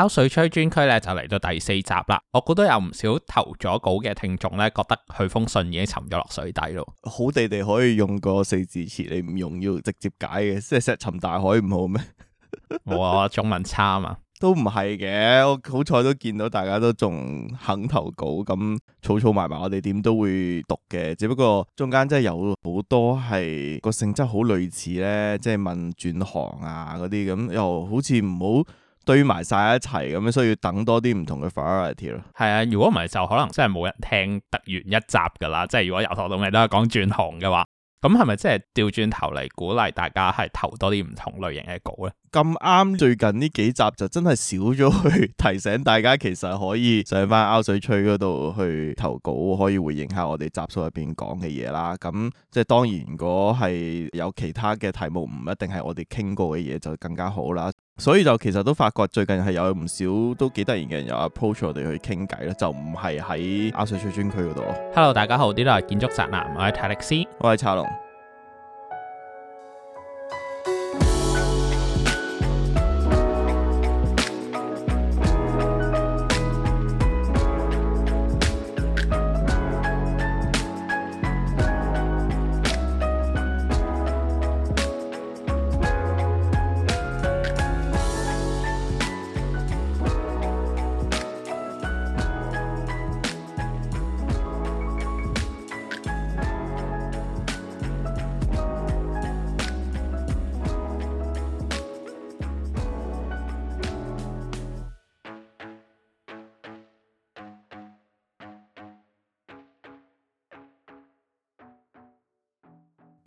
R 水吹專區咧就嚟到第四集啦，我估都有唔少投咗稿嘅聽眾咧，覺得佢封信已經沉咗落水底咯。好地地可以用個四字詞，你唔用要直接解嘅，即係石沉大海唔好咩？冇 啊、哦、中文差啊嘛， 都唔係嘅，我好彩都見到大家都仲肯投稿，咁草草埋埋我哋點都會讀嘅，只不過中間真係有好多係個性質好類似咧，即係問轉行啊嗰啲咁，又好似唔好。堆埋晒一齊，咁樣需要等多啲唔同嘅 variety 咯。係 啊，如果唔係就可能真係冇人聽得完一集噶啦。即係如果由頭到尾都係講轉行嘅話，咁係咪即係調轉頭嚟鼓勵大家係投多啲唔同類型嘅稿咧？咁啱最近呢幾集就真係少咗去提醒大家，其實可以上翻《R 水吹》嗰度去投稿，可以回應下我哋集數入邊講嘅嘢啦。咁即係當然，如果係有其他嘅題目，唔一定係我哋傾過嘅嘢，就更加好啦。所以就其實都發覺最近係有唔少都幾得意嘅人有 approach 我哋去傾偈啦，就唔係喺《R 水吹》專區嗰度。Hello，大家好，呢度係建築宅男，我係泰力斯，我係查龍。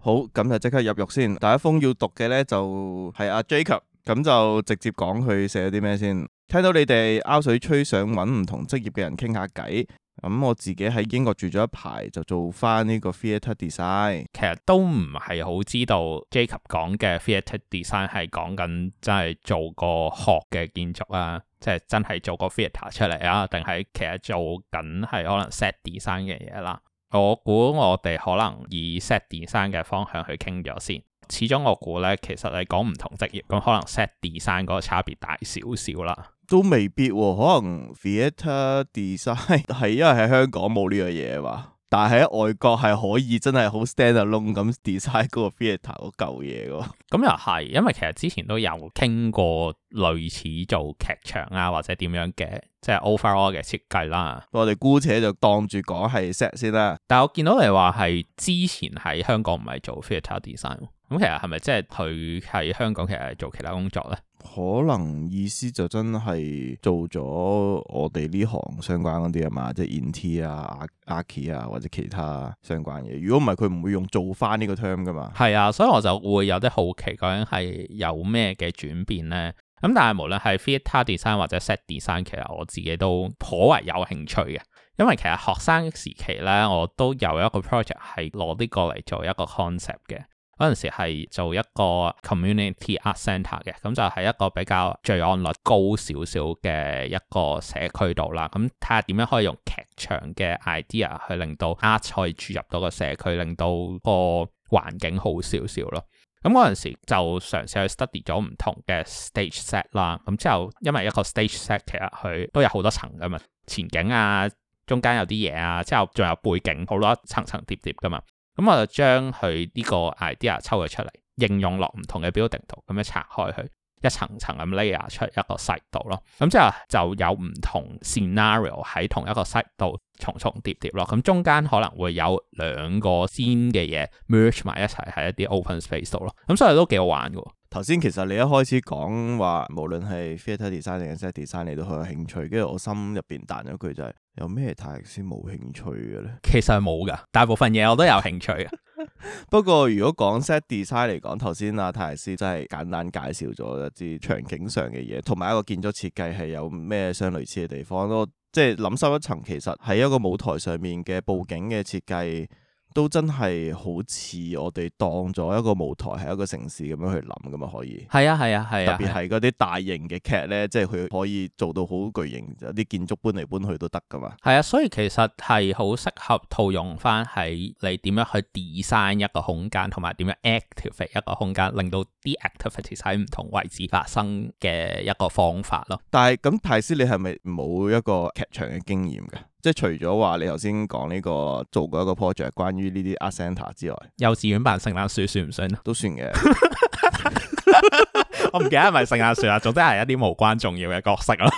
好，咁就即刻入獄先。第一封要讀嘅呢就係阿、啊、Jacob，咁就直接講佢寫咗啲咩先。睇到你哋 R 水吹想揾唔同職業嘅人傾下偈，咁我自己喺英國住咗一排就做返呢個 theatre design，其實都唔係好知道 Jacob 講嘅 theatre design 係講緊真係做個殼嘅建築啊，即、就、係、是、真係做個 theatre 出嚟啊，定係其實做緊係可能 set design 嘅嘢啦。我估我哋可能以 set design 嘅方向去傾咗先，始終我估咧，其實你講唔同職業，咁、嗯、可能 set design 嗰個差別大少少啦，都未必、哦，可能 theatre design 係 因為喺香港冇呢樣嘢嘛。但係喺外國係可以真係好 standalone 咁 design 嗰個 filter 嗰嚿嘢㗎。咁又係，因為其實之前都有傾過類似做劇場啊或者點樣嘅，即係 overall 嘅設計啦。我哋姑且就當住講係 set 先啦。但係我見到你話係之前喺香港唔係做 filter design，咁其實係咪即係佢喺香港其實係做其他工作咧？可能意思就真係做咗我哋呢行相關嗰啲啊嘛，即係 ent 啊、arky 啊或者其他相關嘢。如果唔係，佢唔會用做返呢個 term 噶嘛。係啊，所以我就會有啲好奇究竟係有咩嘅轉變咧。咁、嗯、但係無論係 freehand design 或者 set design，其實我自己都頗為有興趣嘅，因為其實學生時期咧，我都有一個 project 係攞啲過嚟做一個 concept 嘅。嗰陣時係做一個 community art centre 嘅，咁就係一個比較罪案率高少少嘅一個社區度啦。咁睇下點樣可以用劇場嘅 idea 去令到 art 可以注入到個社區，令到個環境好少少咯。咁嗰陣時就嘗試去 study 咗唔同嘅 stage set 啦。咁之後因為一個 stage set 其實佢都有好多層㗎嘛，前景啊，中間有啲嘢啊，之後仲有背景，好多層層疊疊㗎嘛。咁我就將佢呢個 idea 抽咗出嚟，應用落唔同嘅 building 度，咁樣拆開佢，一層層咁 layer 出一個細度咯。咁之後就有唔同 scenario 喺同一個細度重重疊疊咯。咁中間可能會有兩個先嘅嘢 merge 埋一齊喺一啲 open space 度咯。咁所以都幾好玩嘅。頭先其實你一開始講話無論係 theatre design 定係 set design，你都好有興趣。跟住我心入邊彈咗句就係、是：有咩泰迪師冇興趣嘅咧？其實係冇噶，大部分嘢我都有興趣嘅。 不過如果講 set design 嚟講，頭先阿泰迪師真係簡單介紹咗一啲場景上嘅嘢，同埋一個建築設計係有咩相類似嘅地方咯。即係諗深一層，其實喺一個舞台上面嘅布景嘅設計。都真係好似我哋當咗一個舞台係一個城市咁樣去諗噶嘛，可以。係 啊，係啊，係啊。特別係嗰啲大型嘅劇咧，啊啊、即係佢可以做到好巨型，有啲建築搬嚟搬去都得噶嘛。係啊，所以其實係好適合套用翻喺你點樣去 design 一個空間，同埋點樣 activate 一個空間，令到啲 activity 喺唔同位置發生嘅一個方法咯。但係咁，泰斯你係咪冇一個劇場嘅經驗㗎？即係除咗話你頭先講呢個做過一個 project 關於呢啲 ascent 之外，幼稚園扮聖誕樹算唔算咧？都算嘅。我唔記得係咪聖誕樹啦，總之係一啲無關重要嘅角色咯。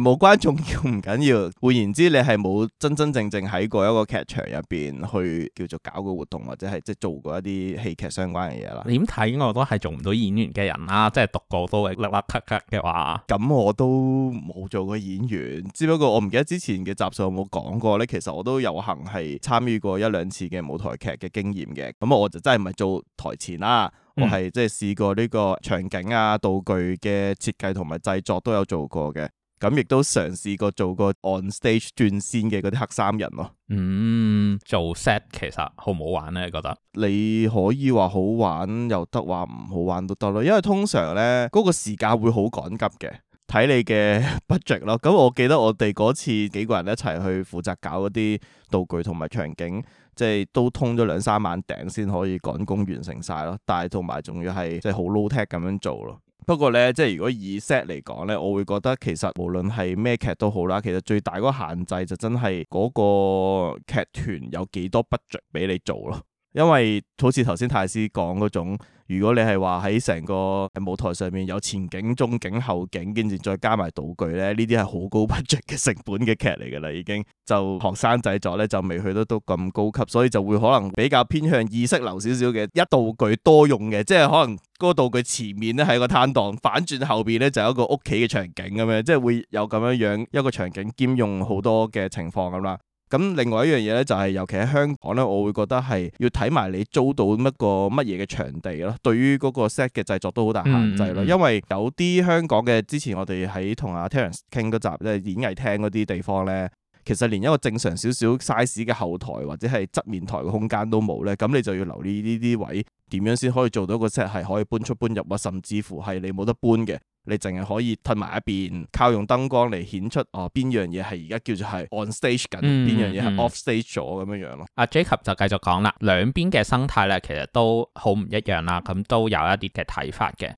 冇關重要唔緊要，換言之，你係冇真真正正喺過一個劇場入邊去叫做搞個活動，或者係即係做過一啲戲劇相關嘅嘢啦。點睇我都係做唔到演員嘅人啦，即係讀過都係甩甩咳咳嘅話，咁我都冇做過演員。只不過我唔記得之前嘅集數有冇講過咧。其實我都有幸係參與過一兩次嘅舞台劇嘅經驗嘅。咁我就真係唔係做台前啦，我係即係試過呢個場景啊、道具嘅設計同埋製作都有做過嘅。咁亦都嘗試過做個 on stage 轉先嘅嗰啲黑衫人咯。嗯，做 set 其實好唔好玩咧？覺得你可以話好玩又得，話唔好玩都得咯。因為通常咧嗰個時間會好趕急嘅，睇你嘅 budget 咯。咁我記得我哋嗰次幾個人一齊去負責搞嗰啲道具同埋場景，即係都通咗兩三晚頂先可以趕工完成晒咯。但係同埋仲要係即係好 low tech 咁樣做咯。不過咧，即係如果以 set 嚟講咧，我會覺得其實無論係咩劇都好啦，其實最大嗰個限制就真係嗰個劇團有幾多 budget 俾你做咯。因為好似頭先太師講嗰種，如果你係話喺成個舞台上面有前景、中景、後景，跟住再加埋道具咧，呢啲係好高 budget 嘅成本嘅劇嚟噶啦，已經就學生製作咧就未去到都咁高級，所以就會可能比較偏向意識流少少嘅一道具多用嘅，即係可能嗰個道具前面咧係個攤檔，反轉後邊咧就有一個屋企嘅場景咁樣，即係會有咁樣樣一個場景兼用好多嘅情況咁啦。咁另外一樣嘢咧，就係尤其喺香港咧，我會覺得係要睇埋你租到乜個乜嘢嘅場地咯。對於嗰個 set 嘅製作都好大限制咯。因為有啲香港嘅之前我哋喺同阿 Terence 傾嗰集，即係演藝廳嗰啲地方咧，其實連一個正常少少 size 嘅後台或者係側面台嘅空間都冇咧。咁你就要留意呢啲位，點樣先可以做到個 set 係可以搬出搬入啊。甚至乎係你冇得搬嘅。你淨係可以褪埋一邊，靠用燈光嚟顯出哦，邊、呃、樣嘢係而家叫做係 on stage 緊，邊、嗯、樣嘢係 off stage 咗咁、嗯、樣樣咯。阿、啊、Jacob 就繼續講啦，兩邊嘅生態咧，其實都好唔一樣啦。咁都有一啲嘅睇法嘅。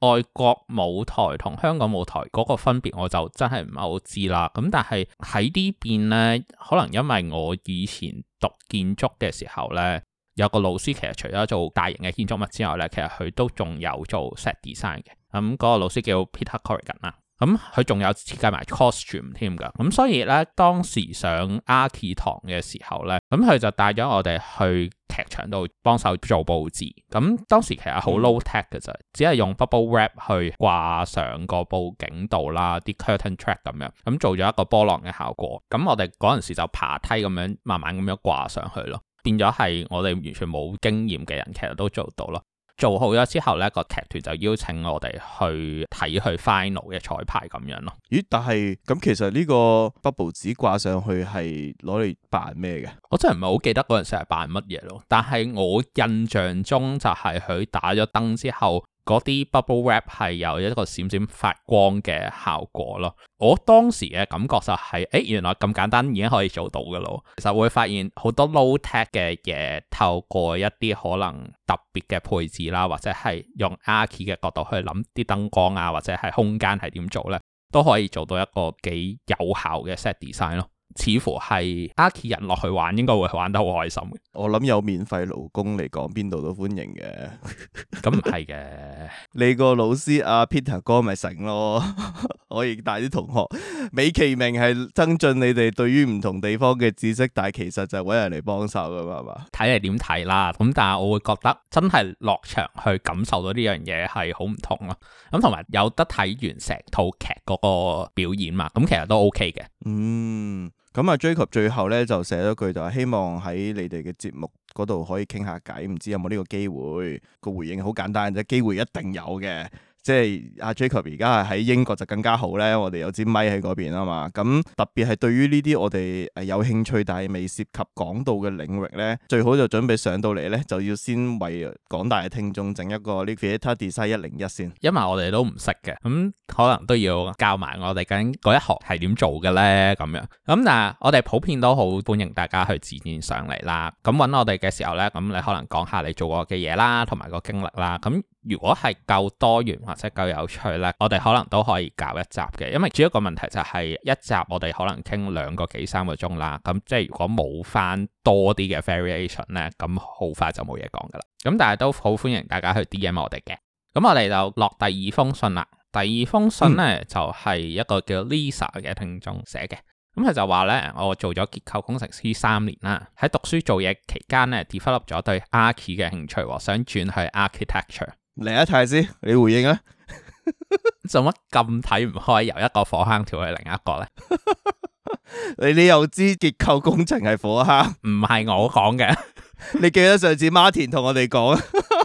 外國舞台同香港舞台嗰個分別，我就真係唔係好知啦。咁但係喺呢邊咧，可能因為我以前讀建築嘅時候咧，有個老師其實除咗做大型嘅建築物之外咧，其實佢都仲有做 set design 嘅。咁嗰個老師叫 Peter Corrigan 啦，咁佢仲有設計埋 costume 添㗎，咁所以咧當時上 Arts 堂嘅時候咧，咁佢就帶咗我哋去劇場度幫手做佈置，咁當時其實好 low tech 嘅啫，嗯、只係用 bubble wrap 去掛上個布景度啦，啲 curtain track 咁樣，咁做咗一個波浪嘅效果，咁我哋嗰陣時就爬梯咁樣慢慢咁樣掛上去咯，變咗係我哋完全冇經驗嘅人，其實都做到咯。做好咗之後呢個劇團就邀請我哋去睇佢 final 嘅彩排咁樣咯。咦？但係咁其實呢個 bubble 紙掛上去係攞嚟扮咩嘅？我真係唔係好記得嗰陣時係扮乜嘢咯。但係我印象中就係佢打咗燈之後。嗰啲 bubble wrap 係有一個閃閃發光嘅效果咯。我當時嘅感覺就係、是，誒、哎、原來咁簡單已經可以做到嘅咯。其實會發現好多 low tech 嘅嘢，透過一啲可能特別嘅配置啦，或者係用 arch 嘅角度去諗啲燈光啊，或者係空間係點做咧，都可以做到一個幾有效嘅 set design 咯。似乎係 Archi 人落去玩，應該會玩得好開心。我諗有免費勞工嚟講，邊度都歡迎嘅。咁係嘅，你個老師阿、啊、Peter 哥咪成咯， 我亦帶啲同學。美其名係增進你哋對於唔同地方嘅知識，但係其實就揾人嚟幫手噶嘛，係嘛？睇嚟點睇啦？咁但係我會覺得真係落場去感受到呢樣嘢係好唔同啊。咁同埋有得睇完成套劇嗰個表演嘛，咁其實都 OK 嘅。嗯。咁啊 Jacob 最後咧就寫咗句就係希望喺你哋嘅節目嗰度可以傾下偈，唔知有冇呢個機會。個回應好簡單嘅啫，機會一定有嘅。即係阿 Jacob 而家係喺英國就更加好咧，我哋有支咪喺嗰邊啊嘛。咁特別係對於呢啲我哋誒有興趣但係未涉及講到嘅領域咧，最好就準備上到嚟咧，就要先為廣大嘅聽眾整一個 Niche Design 101先。因為我哋都唔識嘅，咁可能都要教埋我哋究竟嗰一學係點做嘅咧咁樣。咁但係我哋普遍都好歡迎大家去自薦上嚟啦。咁揾我哋嘅時候咧，咁你可能講下你做過嘅嘢啦，同埋個經歷啦，咁。如果係夠多元或者夠有趣咧，我哋可能都可以搞一集嘅，因為主要一個問題就係、是、一集我哋可能傾兩個幾三個鐘啦。咁即係如果冇翻多啲嘅 variation 咧，咁好快就冇嘢講噶啦。咁但係都好歡迎大家去 DM 我哋嘅。咁我哋就落第二封信啦。第二封信咧、嗯、就係一個叫 Lisa 嘅聽眾寫嘅，咁佢就話咧，我做咗結構工程師三年啦，喺讀書做嘢期間咧 develop 咗對 archi 嘅興趣，想轉去 architecture。另一題先，你回應啊！做乜咁睇唔開，由一個火坑跳去另一個咧？你 你又知結構工程係火坑？唔係 我講嘅，你記得上次 Martin 同我哋講。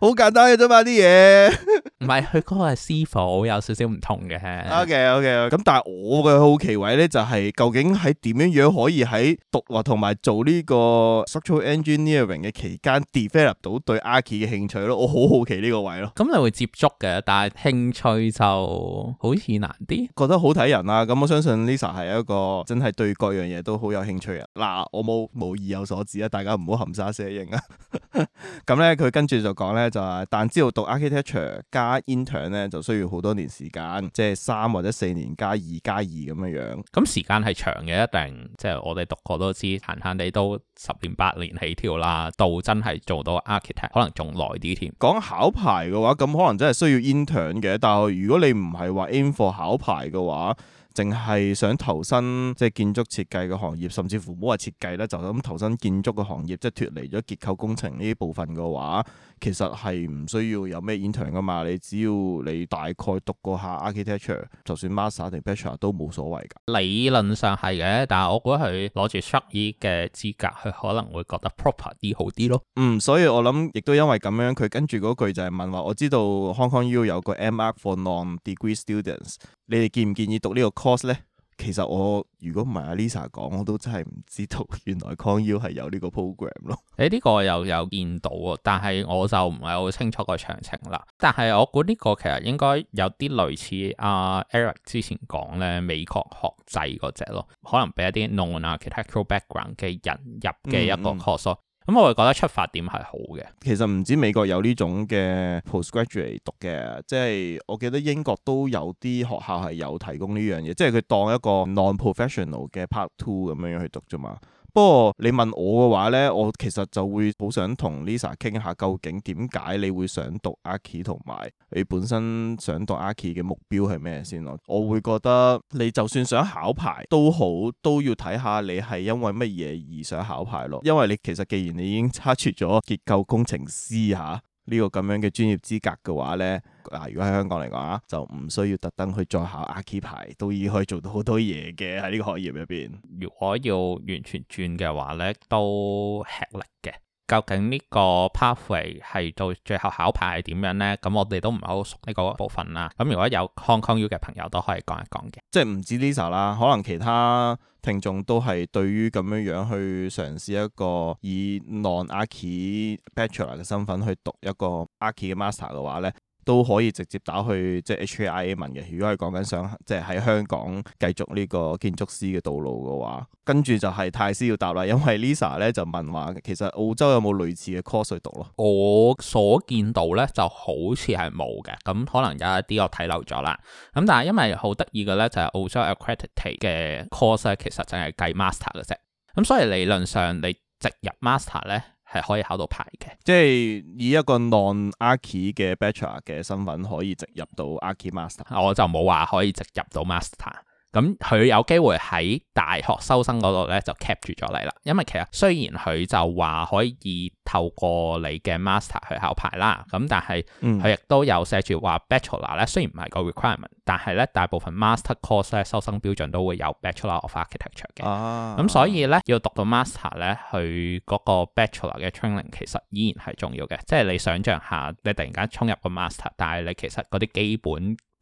好簡單嘅啫嘛啲嘢，唔係佢嗰個係師傅，有少少唔同嘅。OK OK 咁但係我嘅好奇位咧，就係、是、究竟喺點樣樣可以喺讀或同埋做呢個 structural engineering 嘅期間 develop 到對 arch 嘅興趣咯？我好好奇呢個位咯。咁、嗯、你會接觸嘅，但係興趣就好似難啲。覺得好睇人啦、啊。咁我相信 Lisa 係一個真係對各樣嘢都好有興趣嘅、啊。嗱，我冇冇意有所指啊，大家唔好含沙射影啊、 嗯。咁咧，佢跟住就講咧就係，但知道讀 architecture 加 intern 咧，就需要好多年時間，即係三或者四年加二加二咁樣樣。咁、嗯、時間係長嘅，一定即係、就是、我哋讀過都知，閒閒地都十年八年起跳啦。到真係做到 architect，可能仲耐啲添。講考牌嘅話，咁可能真係需要 intern 嘅。但係如果你唔係話 aim for 考牌嘅話，淨係想投身即係建築設計嘅行業，甚至乎冇話設計咧，就咁投身建築嘅行業，即係脫離咗結構工程呢啲部分嘅話。其實係唔需要有咩演場噶嘛，你只要你大概讀過下 architecture，就算 master 定 bachelor 都冇所謂㗎。理論上係嘅，但係我覺得佢攞住 shark 嘅資格，佢可能會覺得 proper 啲好啲咯。嗯，所以我諗亦都因為咁樣，佢跟住嗰句就係問話，我知道 Hong Kong U 有個 MArch for non-degree students，你哋建唔建議讀呢個 course 咧？其實我如果唔係阿 Lisa 講，我都真係唔知道原來 ConU 係有呢個 program 咯。誒呢、欸呢個又有見到喎，但係我就唔係好清楚個詳情啦。但係我估呢個其實應該有啲類似阿、啊、Eric 之前講咧美國學制嗰隻咯，可能俾一啲 non architectural background 嘅人入嘅一個 course。嗯嗯。咁、嗯、我會覺得出發點係好嘅，其實唔止美國有呢種嘅 postgraduate 讀嘅，即係我記得英國都有啲學校係有提供呢樣嘢，即係佢當一個 non-professional 嘅 part two 咁樣去讀啫嘛。不過你問我嘅話呢，我其實就會好想同 Lisa 傾下，究竟點解你會想讀 Arch 同埋你本身想讀 Arch 嘅目標係咩先咯？我會覺得你就算想考牌都好，都要睇下你係因為乜嘢而想考牌咯。因為你其實既然你已經叉出咗結構工程師吓、啊、呢、這個咁樣嘅專業資格嘅話呢。嗱，如果喺香港嚟講啊，就唔需要特登去再考 Archi 牌，都已經可以做到好多嘢嘅喺呢個行業入邊。如果要完全轉嘅話咧，都吃力嘅。究竟呢個 pathway 係到最後考牌係點樣咧？咁我哋都唔係好熟呢個部分啦。咁如果有 Hong Kong U 嘅朋友都可以講一講嘅，即係唔止 Lisa 啦，可能其他聽眾都係對於咁樣樣去嘗試一個以 non-Archi bachelor 嘅身份去讀一個 Archi master 嘅話咧。都可以直接打去即係 HIA 問嘅。如果係講緊想即係喺香港繼續呢個建築師嘅道路嘅話，跟住就係泰師要答啦。因為 Lisa 咧就問話，其實澳洲有冇類似嘅 course 去讀咯？我所見到咧就好似係冇嘅。咁可能有一啲我睇漏咗啦。咁但係因為好得意嘅咧就係、是、澳洲 accredited 嘅 course 其實淨係計 master 嘅啫。咁所以理論上你直入 master 咧。係可以考到牌嘅，即係以一個 non Archi 嘅 Bachelor 嘅身份可以直入到 Archi Master，我就冇話可以直入到 Master。咁佢有機會喺大學收生嗰度咧就 cap 住咗你啦，因為其實雖然佢就話可以透過你嘅 master 去考牌啦，咁但係佢亦都有寫住話 bachelor 咧，雖然唔係個 requirement，但係咧大部分 master course 咧收生標準都會有 bachelor of architecture 嘅。咁、啊、所以咧要讀到 master 咧，佢嗰個 bachelor 嘅 training 其實依然係重要嘅，即係你想象下，你突然間衝入個 master，但係你其實嗰啲基本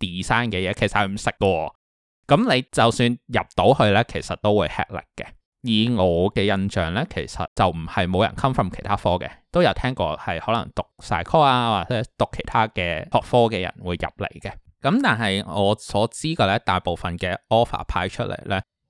design 嘅嘢其實係唔識嘅。咁你就算入到去咧，其實都會吃力嘅。以我嘅印象咧，其實就唔係冇人 come from 其他科嘅，都有聽過係可能讀曬科啊，或者讀其他嘅學科嘅人會入嚟嘅。咁但係我所知嘅咧，大部分嘅 offer 派出嚟咧。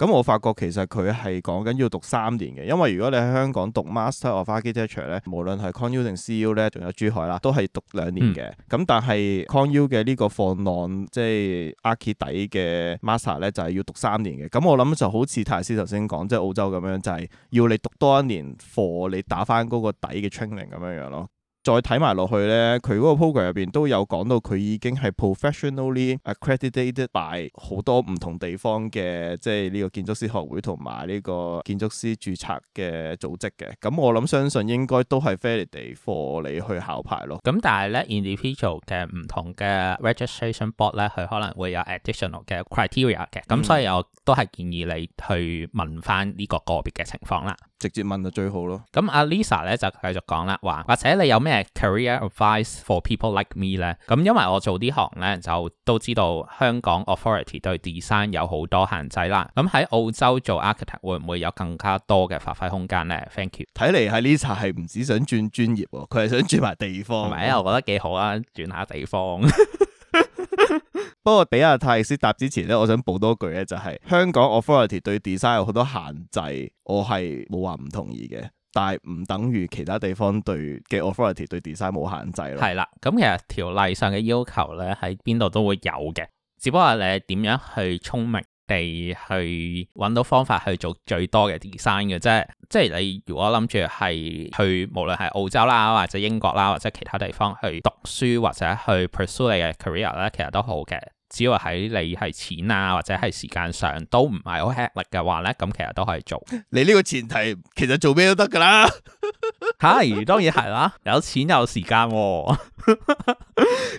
咁我發覺其實佢係講緊要讀三年嘅，因為如果你喺香港讀 master of architecture 咧，無論係 ConU 定 CU 咧，仲有珠海啦，都係讀兩年嘅。咁、嗯、但係 ConU 嘅呢個放浪即係 architecture 嘅 master 咧，就係要讀三年嘅。咁我諗就好似泰斯頭先講，即、就、係、是、澳洲咁樣，就係、是、要你讀多一年課，你打翻嗰個底嘅 training 咁樣樣咯。再睇埋落去咧，佢嗰個 program 入邊都有講到，佢已經係 professionally accredited by 好多唔同地方嘅，即係呢個建築師學會同埋呢個建築師註冊嘅組織嘅。咁我諗相信應該都係 valid for 你去考牌咯。咁但係咧，individual 嘅唔同嘅 registration board 咧，佢可能會有 additional 嘅 criteria 嘅。咁所以我都係建議你去問翻呢個個別嘅情況啦。直接問就最好咯。咁阿 Lisa 咧就繼續講啦，話或者你有咩 career advice for people like me 呢？咁、嗯、因為我做呢行呢，就都知道香港 authority 對 design 有好多限制啦。咁、嗯、喺澳洲做 architect 會唔會有更加多嘅發揮空間呢？Thank you。睇嚟阿 Lisa 係唔止想轉專業，佢係想轉埋地方。誒，我覺得幾好啊，轉下地方。 不過俾阿泰斯答之前咧，我想補多句咧，就係香港 authority 對 design 有好多限制，我係冇話唔同意嘅，但係唔等於其他地方對嘅 authority 對 design 冇限制咯。係啦，咁其實條例上嘅要求咧喺邊度都會有嘅，只不過你係點樣去聰明。哋去揾到方法去做最多嘅 design 嘅啫，即係你如果諗住係去無論係澳洲啦，或者英國啦，或者其他地方去讀書或者去 pursue 你嘅 career 咧，其實都好嘅。只要喺你係錢啊或者係時間上都唔係好吃力嘅話咧，咁其實都可以做。你呢個前提其實做咩都得噶啦，係 當然係啦，有錢有時間，啊。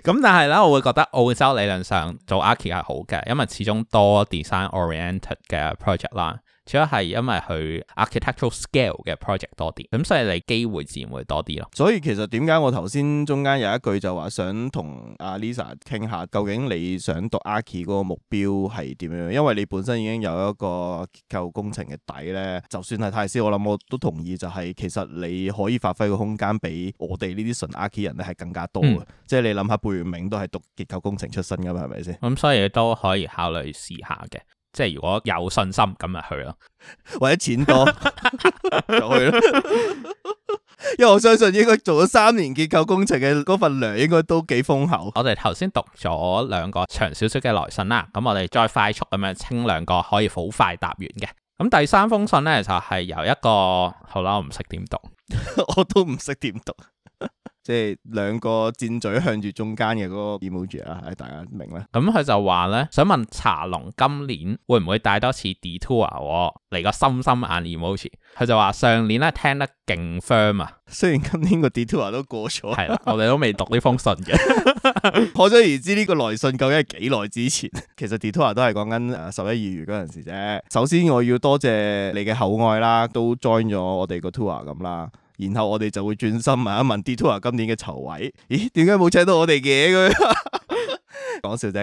咁 但係咧，我會覺得澳洲理論上做 Archi 係好嘅，因為始終多 design oriented 嘅 project 啦。主要係因為佢 architectural scale 嘅 project 多啲，咁所以你機會自然會多啲咯。所以其實點解我頭先中間有一句就話想同阿 Lisa 傾下，究竟你想讀 archi 嗰個目標係點樣？因為你本身已經有一個結構工程嘅底咧，就算係太師，我諗我都同意就係其實你可以發揮嘅空間比我哋呢啲純 archi 人咧係更加多嘅。嗯、即係你諗下，貝聿銘都係讀結構工程出身噶嘛，係咪先？咁所以都可以考慮試下嘅。即係如果有信心咁咪去咯，或者錢多就去咯， 因為我相信應該做咗三年結構工程嘅嗰份糧應該都幾豐厚。我哋頭先讀咗兩個長少少嘅來信啦，咁我哋再快速咁樣清兩個，可以好快答完嘅。咁第三封信咧就係由一個，好啦，我唔識點讀， 我都唔識點讀。即係兩個箭嘴向住中間嘅嗰個 emoji 啊，唉，大家明啦。咁佢、嗯、就話咧，想問茶龍今年會唔會帶多次 detour 嚟個心心眼 emoji？佢就話上年咧聽得勁 firm 啊，雖然今年個 detour 都過咗，係啦 我哋都未讀呢封信嘅。可 想 而知呢個來信究竟係幾耐之前？ 其實 detour 都係講緊誒十一二月嗰陣時啫。首先我要多謝你嘅厚愛啦，都 join 咗我哋個 tour 咁啦。然後我哋就會轉身問一問 detour 今年嘅籌位，咦？點解冇請到我哋嘅佢？ 講笑啫，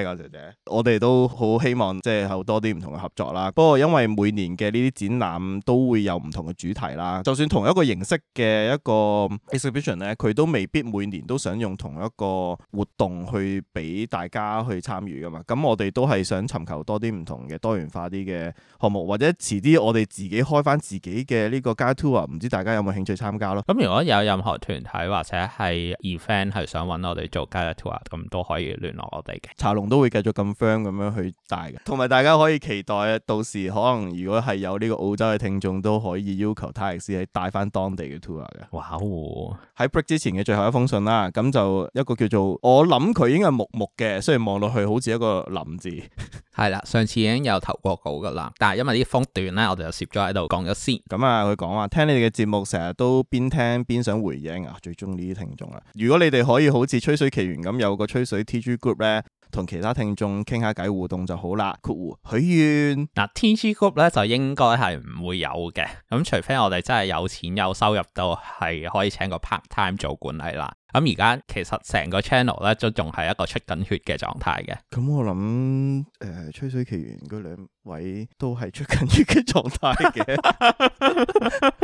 講笑啫。我哋都好希望即係有多啲唔同嘅合作啦。不過因為每年嘅呢啲展覽都會有唔同嘅主題啦。就算同一個形式嘅一個 exhibition 咧，佢都未必每年都想用同一個活動去俾大家去參與噶嘛。咁我哋都係想尋求多啲唔同嘅多元化啲嘅項目，或者遲啲我哋自己開翻自己嘅呢個 guide tour，唔知大家有冇興趣參加咯？咁如果有任何團體或者係 event 係想揾我哋做 guide tour，咁都可以聯。我哋嘅茶龍都會繼續咁 friend 咁樣去帶嘅，同埋大家可以期待到時可能如果係有呢個澳洲嘅聽眾，都可以要求泰斯係帶翻當地嘅 tour 嘅。哇喎！喺 break 之前嘅最後一封信啦，咁就一個叫做我諗佢應該係木木嘅，雖然望落去好似一個林字。係啦，上次已經有投過稿噶啦，但係因為啲風段咧，我哋就攝咗喺度講咗先。咁啊，佢講話聽你哋嘅節目，成日都邊聽邊想回應啊！最中意呢啲聽眾啦。如果你哋可以好似吹水奇緣咁，有個吹水 TG。咧同其他聽眾傾下偈互動就好啦。括弧許願嗱，TG Group 咧就應該係唔會有嘅。咁除非我哋真係有錢有收入到係可以請個 part time 做管理啦。咁而家其實成個 channel 咧都仲係一個出緊血嘅狀態嘅。咁我諗誒、呃，吹水奇緣嗰兩位都係出緊血嘅狀態嘅。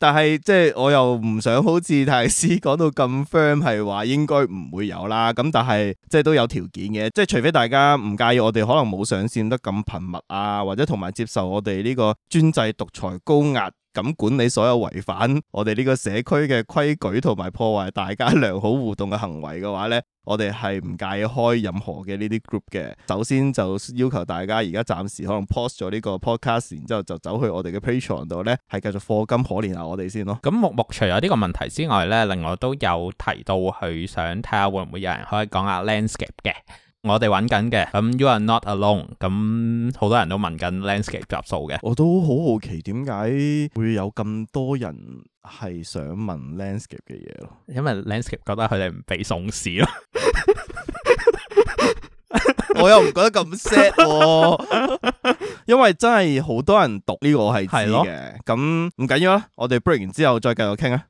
但係即係我又唔想好似泰斯講到咁 firm 係話應該唔會有啦，咁但係即係都有條件嘅，即係除非大家唔介意我哋可能冇上線得咁頻密啊，或者同埋接受我哋呢個專制獨裁高壓。咁管理所有違反我哋呢個社區嘅規矩同埋破壞大家良好互動嘅行為嘅話呢，我哋係唔介意開任何嘅呢啲 group 嘅。首先就要求大家而家暫時可能 post 咗呢個 podcast，然之後就走去我哋嘅 patreon 度呢，係繼續課金可憐下我哋先咯。咁木木除咗呢個問題之外呢，另外都有提到佢想睇下會唔會有人可以講下 landscape 嘅。我哋揾緊嘅，咁 You are not alone，咁好多人都問緊 landscape 集數嘅，我都好好奇點解會有咁多人係想問 landscape 嘅嘢咯？因為 landscape 覺得佢哋唔俾重視咯，我又唔覺得咁 sad，、啊、因為真係好多人讀呢個係知嘅，咁唔緊要啦，我哋 break 完之後再繼續傾啊。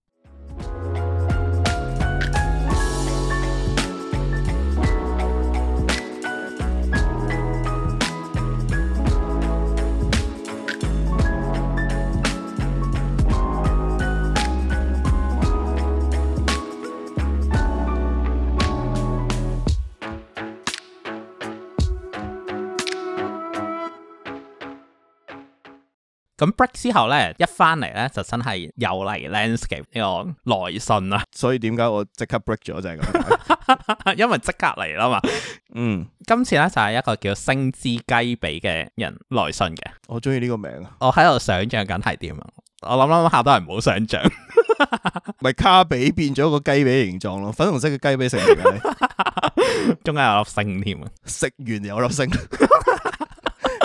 咁 break 之後咧，一翻嚟咧就真係又嚟 landscape 呢個來信啦。所以點解我即刻 break 咗就係咁， 因為即刻嚟啦嘛。嗯，今次咧就係、是、一個叫「星之雞髀」嘅人來信嘅。我中意呢個名啊！我喺度想象緊係點啊！我諗諗下都係唔好想象，咪 卡比變咗個雞髀形狀咯，粉紅色嘅雞髀食嚟， 中間有粒星添啊！食 完有粒星。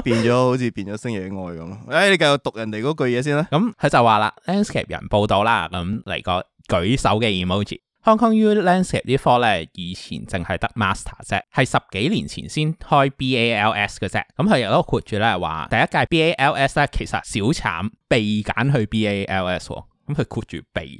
變咗好似變咗星野愛咁誒，你繼續讀人哋嗰句嘢先啦。咁佢、嗯、就話啦，landscape 人報道啦，咁嚟個舉手嘅 emoji。Hong Kong U landscape 呢科咧，以前淨係得 master 啫，係十幾年前先開 BALS 嘅啫。咁佢又都括住咧，話第一屆 BALS 咧，其實小慘被揀去 BALS，咁、嗯、佢括住被。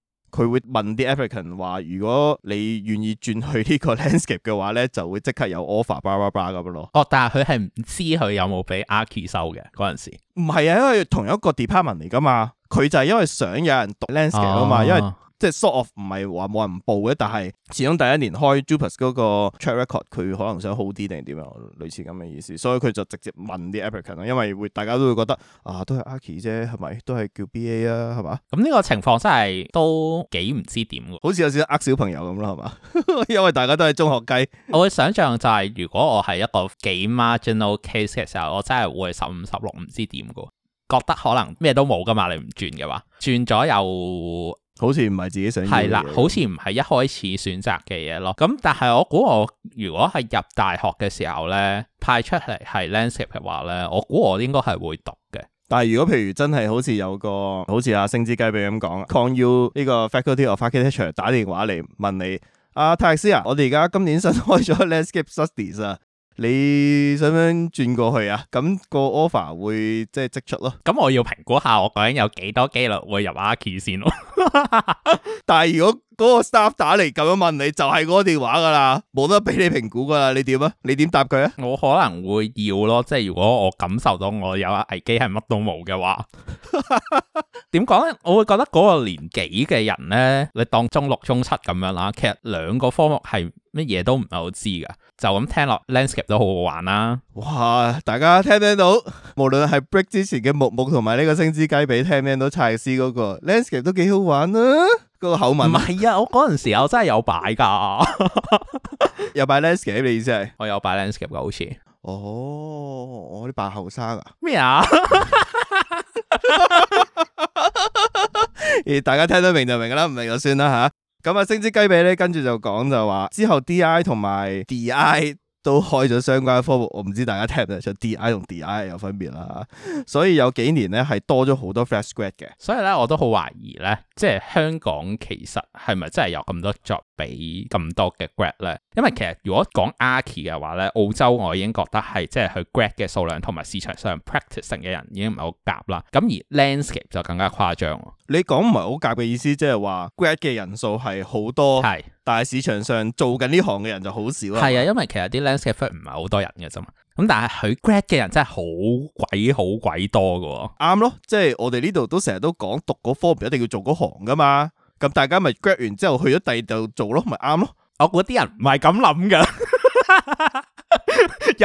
佢會問啲 applicant 話，如果你願意轉去個呢個 landscape 嘅話咧，就會即刻有 offer，叭叭叭咁咯。哦，但係佢係唔知佢有冇俾 Archie 收嘅嗰陣時。唔係啊，因為同一個 department 嚟噶嘛，佢就係因為想有人讀 landscape 啊嘛，哦、因為。即係 sort of 唔係話冇人報嘅，但係始終第一年開 Jupas 嗰個 track record，佢可能想好啲定係點樣，類似咁嘅意思。所以佢就直接問啲 applicant 咯，因為會大家都會覺得啊，都係 Archi 啫，係咪都係叫 BA 啊，係嘛？咁呢個情況真係都幾唔知點㗎，好似有少少呃小朋友咁咯，係嘛？ 因為大家都係中學雞，我會想象就係、是、如果我係一個幾 marginal case 嘅時候，我真係會十五十六唔知點㗎，覺得可能咩都冇㗎嘛，你唔轉嘅話，轉咗又。好似唔係自己想、嗯，係啦、嗯，好似唔係一開始選擇嘅嘢咯。咁但係我估我如果係入大學嘅時候咧，派出嚟係 landscape 嘅話咧，我估我應該係會讀嘅。但係如果譬如真係好似有個好似阿、啊、星之雞比咁講，call you 呢個 faculty of architecture 打電話嚟問你，阿、啊、泰斯啊，我哋而家今年新開咗 Landscape Studies 啊。你想唔想轉過去啊？咁、嗰個 offer 會即係即，即，即，即，即出咯。咁我要評估下我究竟有幾多機率會入阿 Key 先咯 。但係如果嗰個 staff 打嚟咁樣問你，就係、是、嗰個電話噶啦，冇得俾你評估噶啦。你點啊？你點答佢啊？我可能會要咯，即係如果我感受到我有危機係乜都冇嘅話，點講咧？我會覺得嗰個年紀嘅人咧，你當中六中七咁樣啦，其實兩個科目係。乜嘢都唔係好知噶，就咁聽落 landscape 都好好玩啦，啊！哇，大家聽唔聽到？無論係 break 之前嘅木木同埋呢個星之雞髀，聽唔聽到，到，那個？蔡司嗰個 landscape 都幾好玩啊！嗰，那個口吻，唔係啊！我嗰陣時我真係有擺噶， 有擺 landscape 你意思係？我有擺 landscape 噶，好似哦，我啲白後生啊？咩麼啊？ 大家聽得明就明啦，唔明就算啦吓。啊咁啊，升隻雞髀咧，跟住就講就話之後 D.I 同埋 D.I。都開咗相關嘅科目，我唔知大家聽唔聽得出。DI 同 DI 有分別啦。所以有幾年咧係多咗好多 fresh grad 嘅。所以咧我都好懷疑咧，即係香港其實係咪真係有咁多 job 俾咁多嘅 grad 咧？因為其實如果講 Archie 嘅話咧，澳洲我已經覺得係即係佢 grad 嘅數量同埋市場上 practicing 嘅人已經唔係好夾啦。咁而 landscape 就更加誇張。你講唔係好夾嘅意思，即係話 grad 嘅人數係好多，是但係市場上做緊呢行嘅人就好少咯。係啊，因為其實啲唔係好多人嘅啫嘛，咁、 嗯、但係佢 grad 嘅人真係好鬼好鬼多嘅，啱咯、嗯。即係、就是、我哋呢度都成日都講讀嗰科唔一定要做嗰行噶嘛，咁大家咪 grad 完之後去咗第二度做咯，咪啱咯。我嗰啲人唔係咁諗嘅，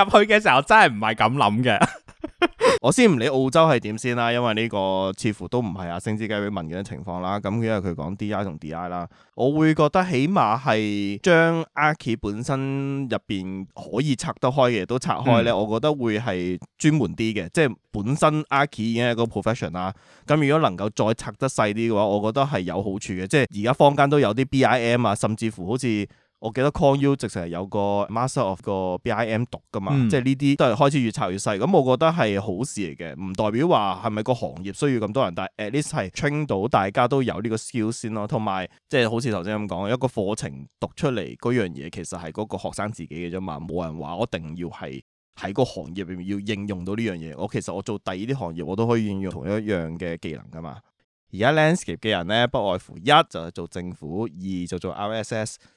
入 去嘅時候真係唔係咁諗嘅。 我先唔理澳洲係點先啦，因為呢個似乎都唔係阿星之雞會問嘅情況啦。咁因為佢講 D I 同 D I 啦，我會覺得起碼係將 Archi 本身入邊可以拆得開嘅都拆開呢，我覺得會係專門啲嘅。嗯、即係本身 Archi 已經係個 profession 啦，咁如果能夠再拆得細啲嘅話，我覺得係有好處嘅。即係而家坊間都有啲 B I M 啊，甚至乎好似。我記得 Call U 直成係有個 Master of 個 BIM 讀噶嘛，嗯、即係呢啲都係開始越拆越細。咁我覺得係好事嚟嘅，唔代表話係咪個行業需要咁多人，但係 at least 係 train 到大家都有呢個 skill 先咯。同埋即係好似頭先咁講，一個課程讀出嚟嗰樣嘢其實係嗰個學生自己嘅啫嘛，冇人話我一定要係喺個行業裏面要應用到呢樣嘢。我其實我做第二啲行業，我都可以應用同一樣嘅技能噶嘛。而家、嗯、landscape 嘅人咧，不外乎一就係做政府，二就做 RSS。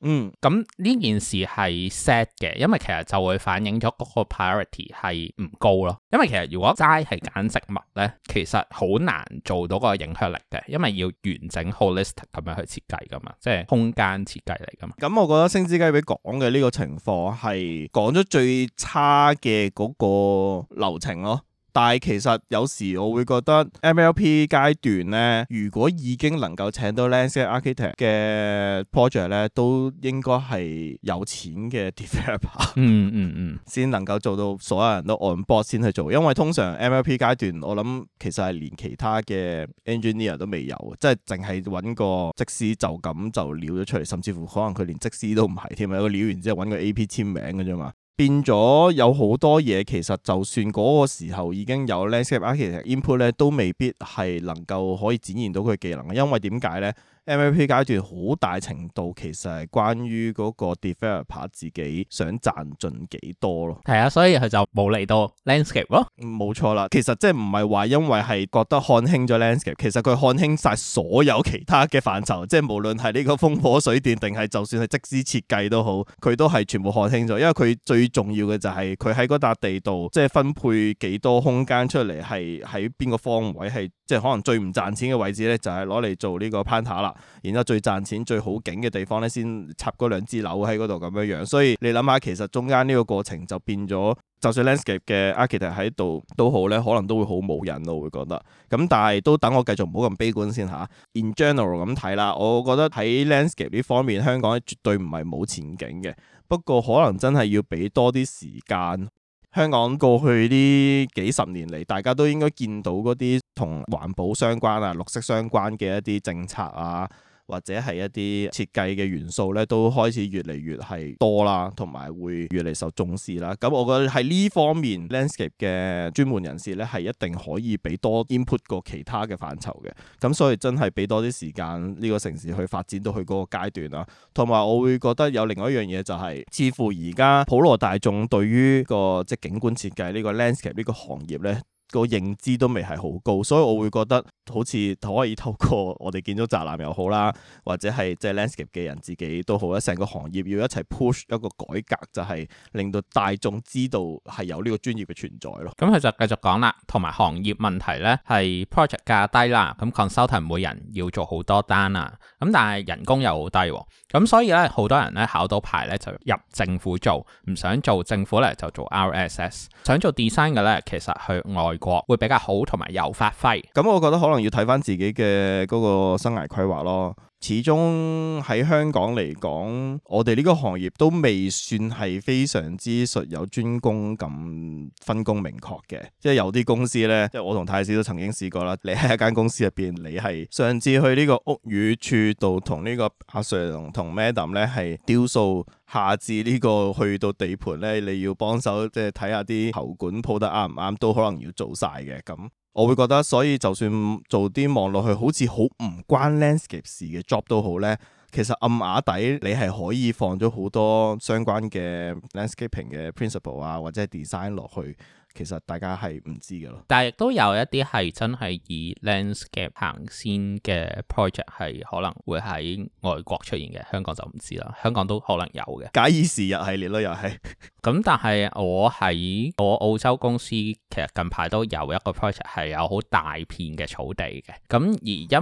嗯，咁呢、嗯、件事係 sad 嘅，因為其實就會反映咗嗰個 priority 係唔高咯。因為其實如果齋係揀植物咧，其實好難做到個影響力嘅，因為要完整 holistic 咁樣去設計噶嘛，即係空間設計嚟噶嘛。咁、嗯、我覺得星之雞俾講嘅呢個情況係講咗最差嘅嗰個流程咯。但係其實有時我會覺得 MLP 階段咧，如果已經能夠請到 Landscape Architect 嘅 project 咧，都應該係有錢嘅 developer，嗯嗯嗯，先、嗯嗯、 能夠做到所有人都 on board 先去做。因為通常 MLP 階段，我諗其實係連其他嘅 engineer 都未有，即係淨係揾個則師就咁就撩咗出嚟，甚至乎可能佢連則師都唔係添，為個料完之後揾個 AP 簽名嘅啫嘛。變咗有好多嘢，其實就算嗰個時候已經有 landscape 啊，其實 input 咧都未必係能夠可以展現到佢技能嘅，因為點解咧？MVP 階段好大程度其實係關於嗰個 developer 自己想賺盡幾多咯，係啊，所以佢就冇嚟到 landscape 咯，冇錯啦。其實即係唔係話因為係覺得看輕咗 landscape，其實佢看輕晒所有其他嘅範疇，即係無論係呢個風火水電定係就算係即時設計都好，佢都係全部看輕咗。因為佢最重要嘅就係佢喺嗰笪地度即係分配幾多空間出嚟，係喺邊個方位係。即係可能最唔賺錢嘅位置咧，就係攞嚟做呢個 pan 塔啦。然之後最賺錢、最好景嘅地方咧，先插嗰兩支樓喺嗰度咁樣樣。所以你諗下，其實中間呢個過程就變咗，就算 landscape 嘅 architect 喺度都好咧，可能都會好冇癮咯。會覺得咁，但係都等我繼續唔好咁悲觀先嚇。In general 咁睇啦，我覺得喺 landscape 呢方面，香港絕對唔係冇前景嘅。不過可能真係要俾多啲時間香港過去呢幾十年嚟，大家都應該見到嗰啲。同環保相關啊、綠色相關嘅一啲政策啊，或者係一啲設計嘅元素咧，都開始越嚟越係多啦，同埋會越嚟受重視啦。咁我覺得喺呢方面 landscape 嘅專門人士咧，係一定可以俾多 input 過其他嘅範疇嘅。咁所以真係俾多啲時間，呢個城市去發展到去嗰個階段啦。同埋我會覺得有另外一樣嘢就係，似乎而家普羅大眾對於呢個即係景觀設計呢個 landscape 呢個行業咧，個認知都未係好高，所以我會覺得好似可以透過我哋建築宅男又好啦，或者係即係 landscape 嘅人自己都好啦，成個行業要一齊 push 一個改革，就係、是、令到大眾知道係有呢個專業嘅存在咯。咁佢就繼續講啦，同埋行業問題咧，係 project 價低啦，咁 consultant 每人要做好多單啊，咁但係人工又好低、哦，咁所以咧好多人咧考到牌咧就入政府做，唔想做政府咧就做 R.S.S，想做 design 嘅咧其實去外。會比較好，同埋有發揮。咁我覺得可能要睇返自己嘅嗰個生涯規劃咯。始終喺香港嚟講，我哋呢個行業都未算係非常之術有專攻咁分工明確嘅，即係有啲公司咧，即係我同太斯都曾經試過啦。你喺一間公司入邊，你係上至去呢個屋宇處度同呢個阿 Sir 同 Madam 咧係雕塑，下至呢個去到地盤咧，你要幫手即係睇下啲喉管鋪得啱唔啱，都可能要做晒嘅咁。我會覺得，所以就算做啲望落去好似好唔關 landscape 事嘅 job 都好咧，其實暗啞底你係可以放咗好多相關嘅 landscaping 嘅 principle 啊，或者 design 落去。其實大家係唔知嘅咯，但係亦都有一啲係真係以 landscape 行先嘅 project 係可能會喺外國出現嘅，香港就唔知啦。香港都可能有嘅，假以時日系列咯，又係咁。 但係我喺我澳洲公司，其實近排都有一個 project 係有好大片嘅草地嘅。咁而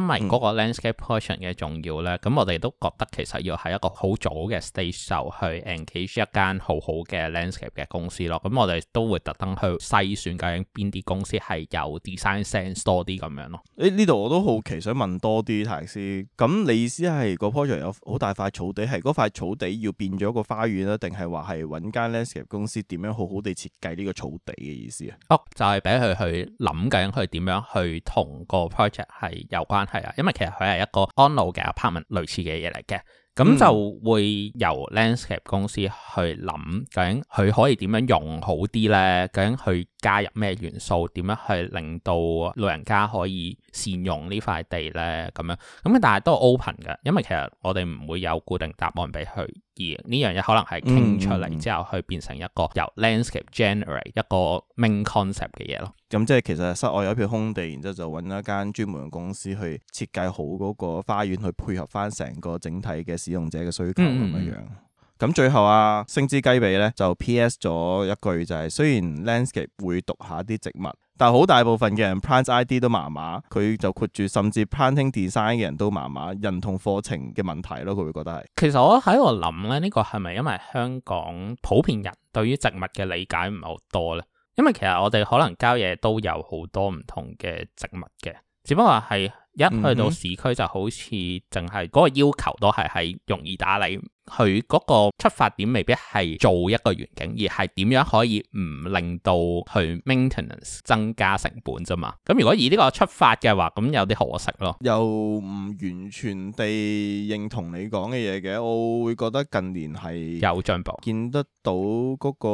因為嗰個 landscape portion 嘅重要咧，咁、嗯、我哋都覺得其實要喺一個好早嘅 stage 就去 engage 一間好好嘅 landscape 嘅公司咯。咁我哋都會特登去。細選究竟邊啲公司係有 design sense 多啲咁樣咯？誒，呢度我都好奇想問多啲，泰斯，咁你意思係個 project 有好大塊草地，係嗰塊草地要變咗個花園啊？定係話係搵間 landscape 公司點樣好好地設計呢個草地嘅意思啊？哦，就係俾佢去諗緊佢點樣去同個 project 係有關係啊，因為其實佢係一個安老嘅 apartment 類似嘅嘢嚟嘅。咁就會由 landscape 公司去諗究竟佢可以點樣用好啲咧？究竟佢加入咩元素？點樣去令到老人家可以善用呢塊地咧？咁樣，咁，但係都 open 嘅，因為其實我哋唔會有固定答案俾佢。而呢樣嘢可能係傾出嚟之後、嗯、去變成一個由 landscape generate 一個 main concept 嘅嘢咯。咁即係其實室外有一片空地，然之後就揾一間專門嘅公司去設計好嗰個花園去配合翻成個整體嘅使用者嘅需求咁樣樣。嗯嗯咁最後啊，星之雞尾咧就 P.S. 咗一句就係、是，雖然 landscape 會讀下啲植物，但係好大部分嘅人 plant ID 都麻麻，佢就括住甚至 planting design 嘅人都麻麻，認同課程嘅問題咯，佢會覺得係。其實我喺度諗咧，呢、這個係咪因為香港普遍人對於植物嘅理解唔係好多咧？因為其實我哋可能郊野都有好多唔同嘅植物嘅，只不過係。一去到市區就好似淨係嗰個要求都係係容易打理，佢嗰個出發點未必係做一個園景，而係點樣可以唔令到佢 maintenance 增加成本啫嘛。咁如果以呢個出發嘅話，咁有啲可惜咯。又唔完全地認同你講嘅嘢嘅，我會覺得近年係有進步，見得到嗰個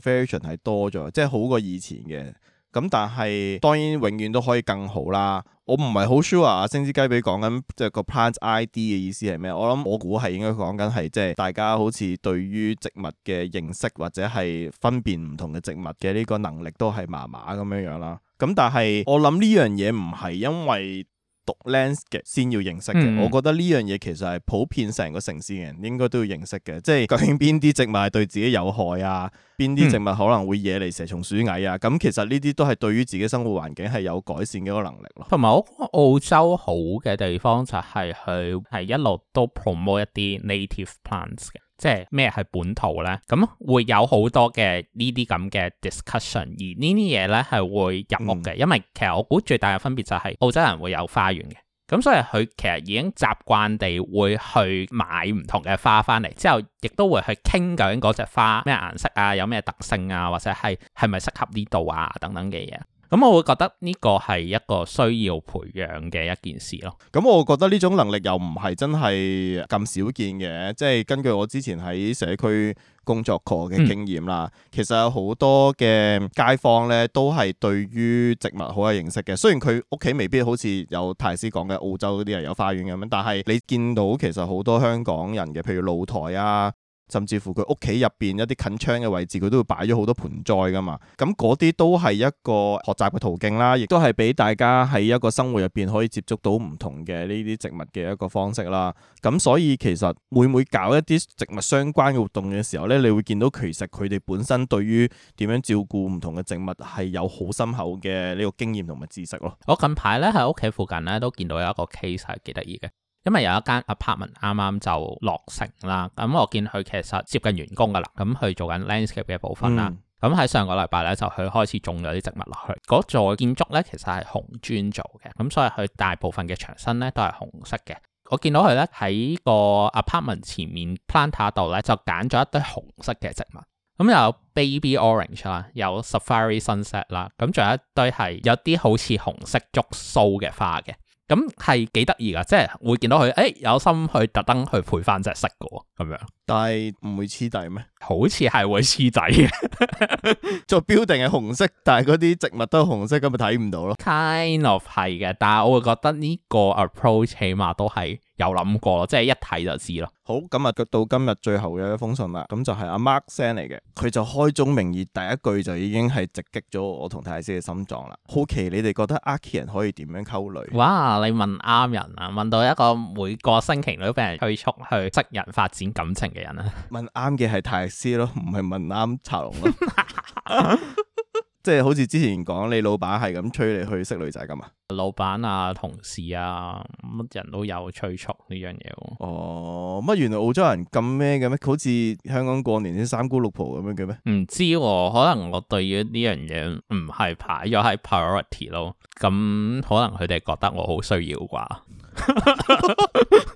version 係多咗，即係好過以前嘅。咁、嗯、但係當然永遠都可以更好啦。我唔係好 sure 啊，星之雞髀講緊即係個 plant ID 嘅意思係咩？我諗我估係應該講緊係即係大家好似對於植物嘅認識或者係分辨唔同嘅植物嘅呢個能力都係麻麻咁樣樣啦。咁、嗯、但係我諗呢樣嘢唔係因為。讀 lands 嘅先要認識嘅，嗯、我覺得呢樣嘢其實係普遍成個城市嘅人應該都要認識嘅，即係究竟邊啲植物係對自己有害啊，邊啲植物可能會惹嚟蛇蟲鼠蟻啊，咁、嗯、其實呢啲都係對於自己生活環境係有改善嘅一個能力咯。同埋我覺得澳洲好嘅地方就係佢係一路都 promote 一啲 native plants 嘅。即係咩係本土咧，咁會有好多嘅呢啲咁嘅 discussion，而呢啲嘢咧係會入屋嘅，因為其實我估最大嘅分別就係澳洲人會有花園嘅，咁所以佢其實已經習慣地會去買唔同嘅花翻嚟之後，亦都會去傾究竟嗰隻花咩顏色啊，有咩特性啊，或者係係咪適合呢度啊等等嘅嘢。咁我會覺得呢個係一個需要培養嘅一件事咯。咁我覺得呢種能力又唔係真係咁少見嘅，即係根據我之前喺社區工作過嘅經驗啦，其實有好多嘅街坊呢都係對於植物好有認識嘅。雖然佢屋企未必好似有泰斯講嘅澳洲嗰啲人有花園咁樣，但係你見到其實好多香港人嘅，譬如露台啊。甚至乎佢屋企入邊一啲近窗嘅位置，佢都會擺咗好多盆栽噶嘛。咁嗰啲都係一個學習嘅途徑啦，亦都係俾大家喺一個生活入邊可以接觸到唔同嘅呢啲植物嘅一個方式啦。咁所以其實每每搞一啲植物相關嘅活動嘅時候咧，你會見到其實佢哋本身對於點樣照顧唔同嘅植物係有好深厚嘅呢個經驗同埋知識咯。我近排咧喺屋企附近咧都見到有一個 case 係幾得意嘅。因為有一間 apartment 啱啱就落成啦，咁我見佢其實接近完工噶啦，咁佢做緊 landscape 嘅部分啦。咁喺、嗯、上個禮拜咧，就佢開始種咗啲植物落去。嗰座建築咧其實係紅磚做嘅，咁所以佢大部分嘅牆身咧都係紅色嘅。我見到佢咧喺個 apartment 前面 planter 度咧，就揀咗一堆紅色嘅植物。咁有 baby orange 啦，有 safari sunset 啦，咁仲有一堆係有啲好似紅色竹蘇嘅花嘅。咁係幾得意噶，即係會見到佢，誒、哎，有心去特登去配翻隻色個咁樣。但係唔會黐底咩？好似係會黐底嘅，做標定係紅色，但係嗰啲植物都紅色，咁咪睇唔到咯。Kind of 係嘅，但係我會覺得呢個 approach 起碼都係有諗過咯，即係一睇就知咯。好，咁、嗯、啊到今日最後嘅一封信啦，咁、嗯、就係、是、阿 Mark send 嚟嘅，佢就開宗明義第一句就已經係直擊咗我同泰斯嘅心臟啦。好奇你哋覺得 Archi 人可以點樣溝女？哇，你問啱人啊！問到一個每個星期女俾人催促去識人發展感情，嘅人啊，問啱嘅係泰斯咯，唔係問啱茶龍咯， 即係好似之前講你老闆係咁催你去識女仔咁啊，老闆啊，同事啊，乜人都有催促呢樣嘢。哦，乜原來澳洲人咁咩嘅咩？好似香港過年啲三姑六婆咁樣嘅咩？唔知，啊，可能我對於呢樣嘢唔係排咗喺 priority 咯，咁、嗯、可能佢哋覺得我好需要啩。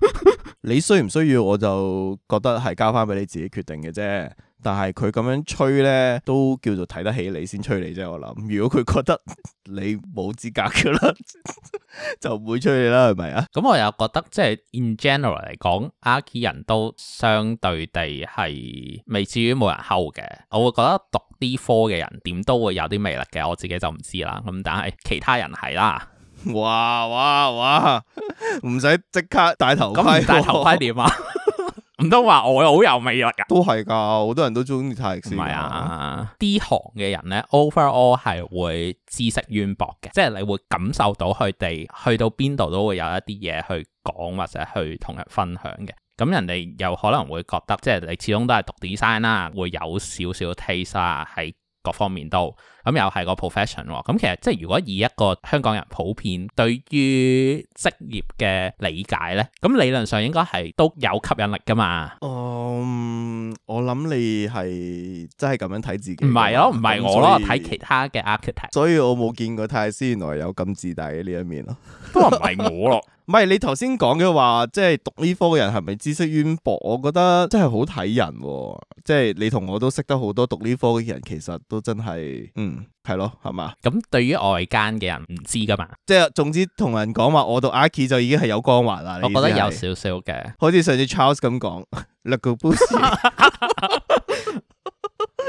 你需唔需要？我就覺得係交翻俾你自己決定嘅啫。但係佢咁樣吹咧，都叫做睇得起你先吹你啫。我諗，如果佢覺得你冇資格噶啦，就唔會吹你啦，係咪啊？咁我又覺得即係 in general 嚟講，Archi 人都相對地係未至於冇人睺嘅。我會覺得讀啲科嘅人點都會有啲魅力嘅。我自己就唔知啦。咁但係其他人係啦。哇哇哇！唔使即刻頭 戴頭盔，戴頭盔點啊？唔通話我好有魅力噶？都係噶，好多人都中意睇，唔係啊，啲行嘅人咧，overall 係會知識淵博嘅，即係你會感受到佢哋去到邊度都會有一啲嘢去講或者去同人分享嘅。咁人哋又可能會覺得，即係你始終都係讀 design 啦、啊，會有少少 t s 睇沙喺。各方面都咁又係個 profession，咁其實即係如果以一個香港人普遍對於職業嘅理解咧，咁理論上應該係都有吸引力噶嘛。嗯，um, 我諗你係真係咁樣睇自己，唔係咯，唔係我咯，睇其他嘅 architect，所以我冇見過泰斯原來有咁自大嘅呢一面咯， 都不過唔係我咯。唔係你頭先講嘅話，即係讀呢科嘅人係咪知識淵博？我覺得真係好睇人，哦，即係你同我都識得好多讀呢科嘅人，其實都真係，嗯，係咯，係嘛？咁對於外間嘅人唔知噶嘛？即係總之同人講話，我讀 Arch 就已經係有光環啦。我覺得有少少嘅，好似上次 Charles 咁講，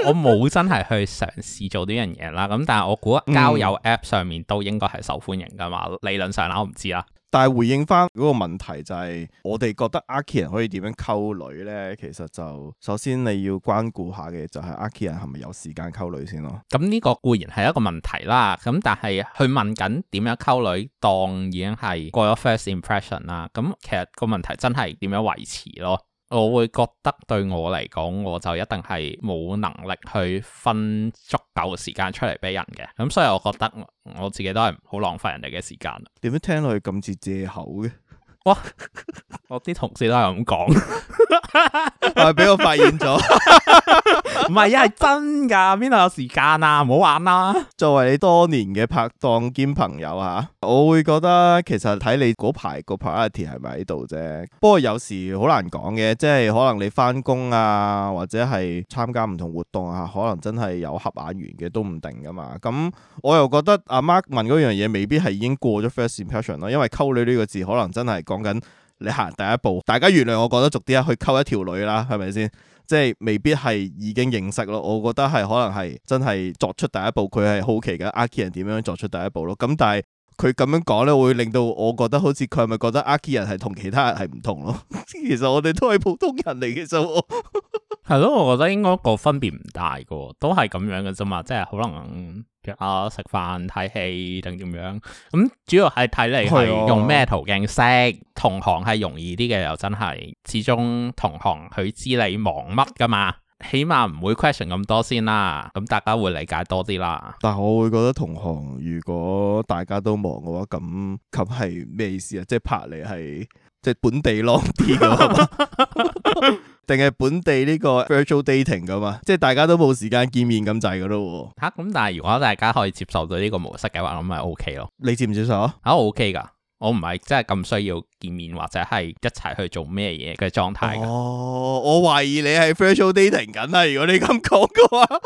我冇真係去嘗試做呢樣嘢啦。咁但係我估交友 App 上面都應該係受歡迎噶嘛？理論上我唔知啦。但係回應翻嗰個問題就係我哋覺得 Archi 人可以點樣溝女咧？其實就首先你要關顧下嘅就係 Archi 人係咪有時間溝女先咯？咁呢、嗯、這個固然係一個問題啦。咁、嗯、但係去問緊點樣溝女，當已經係過咗 first impression 啦。咁、嗯、其實個問題真係點樣維持咯？我會覺得對我嚟講，我就一定係冇能力去分足夠時間出嚟俾人嘅，咁所以我覺得我自己都係好浪費人哋嘅時間啦。點解聽落去咁似借口嘅？哇！我啲同事都係咁講，係俾我發現咗，唔係啊，係真噶。邊度有時間啊？唔好玩啦！作為你多年嘅拍檔兼朋友啊，我會覺得其實睇你嗰排個 party 係咪喺度啫。不過有時好難講嘅，即係可能你翻工啊，或者係參加唔同活動啊，可能真係有合眼緣嘅都唔定噶嘛。咁我又覺得阿、啊、Mark 問嗰樣嘢，未必係已經過咗 first impression 咯、啊，因為溝女呢個字可能真係。講緊你行第一步，大家原諒我講得俗啲啊，去溝一條女啦，係咪先？即係未必係已經認識咯，我覺得係可能係真係作出第一步，佢係好奇噶，Archi 人點樣作出第一步咯？咁但係佢咁樣講咧，會令到我覺得好似佢係咪覺得 Archi 人係同其他人係唔同咯？ 其實我哋都係普通人嚟嘅啫，係咯？ 我覺得應該個分別唔大噶，都係咁樣嘅啫嘛，即係可能。啊！食飯睇戲定點樣咁，主要係睇你係用咩途徑識的同行係容易啲嘅，又真係始終同行佢知你忙乜噶嘛，起碼唔會 question 咁多先啦。咁大家會理解多啲啦。但係我會覺得同行如果大家都忙嘅話，咁及係咩意思啊？即係拍你係即係本地 local 啲。 定係本地呢個 virtual dating 噶嘛，即係大家都冇時間見面咁滯噶咯。吓咁、啊，但係如果大家可以接受到呢個模式嘅話，咁咪 OK 咯。你接唔接受啊？啊 OK 噶，我唔係真係咁需要見面或者係一齊去做咩嘢嘅狀態。哦，我懷疑你係 virtual dating 緊啦。如果你咁講嘅話，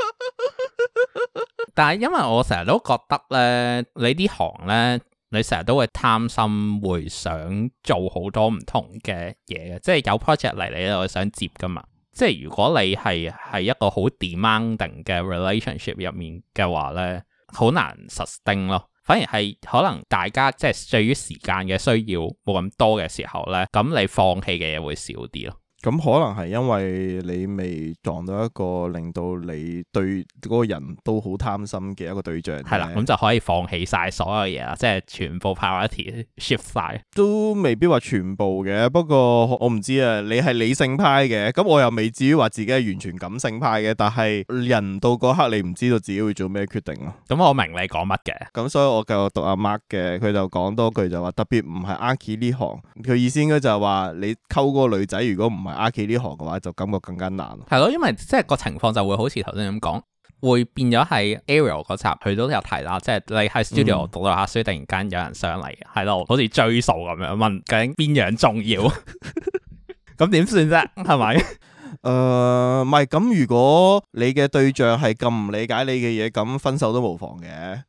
但係因為我成日都覺得咧，你啲行咧。你成日都會貪心，會想做好多唔同嘅嘢嘅，即係有 project 嚟你，我想接噶嘛？即係如果你係係一個好 demanding 嘅 relationship 入面嘅話咧，好難 sustain 咯。反而係可能大家即係對於時間嘅需要冇咁多嘅時候咧，咁你放棄嘅嘢會少啲咯。咁可能係因為你未撞到一個令到你對嗰個人都好貪心嘅一個對象，係啦，咁就可以放棄晒所有嘢啦，即係全部 priority shift 曬。都未必話全部嘅，不過我唔知啊。你係理性派嘅，咁我又未至於話自己係完全感性派嘅，但係人到嗰刻你唔知道自己會做咩決定咯。咁我明你講乜嘅，咁所以我繼續讀阿、啊、Mark 嘅，佢就講多句就話特別唔係 Archi 呢行，佢意思應該就係話你溝個女仔，如果唔係。Archi 呢行嘅話就感覺更加難。係咯，因為即係個情況就會好似頭先咁講，會變咗係 Ariel 嗰集佢都有提啦，即係你喺 studio 讀到下書，嗯、突然間有人上嚟，係咯，好似追數咁樣問究竟邊樣重要，咁點算啫？係 咪、 呃？誒，唔係咁，如果你嘅對象係咁唔理解你嘅嘢，咁分手都無妨嘅。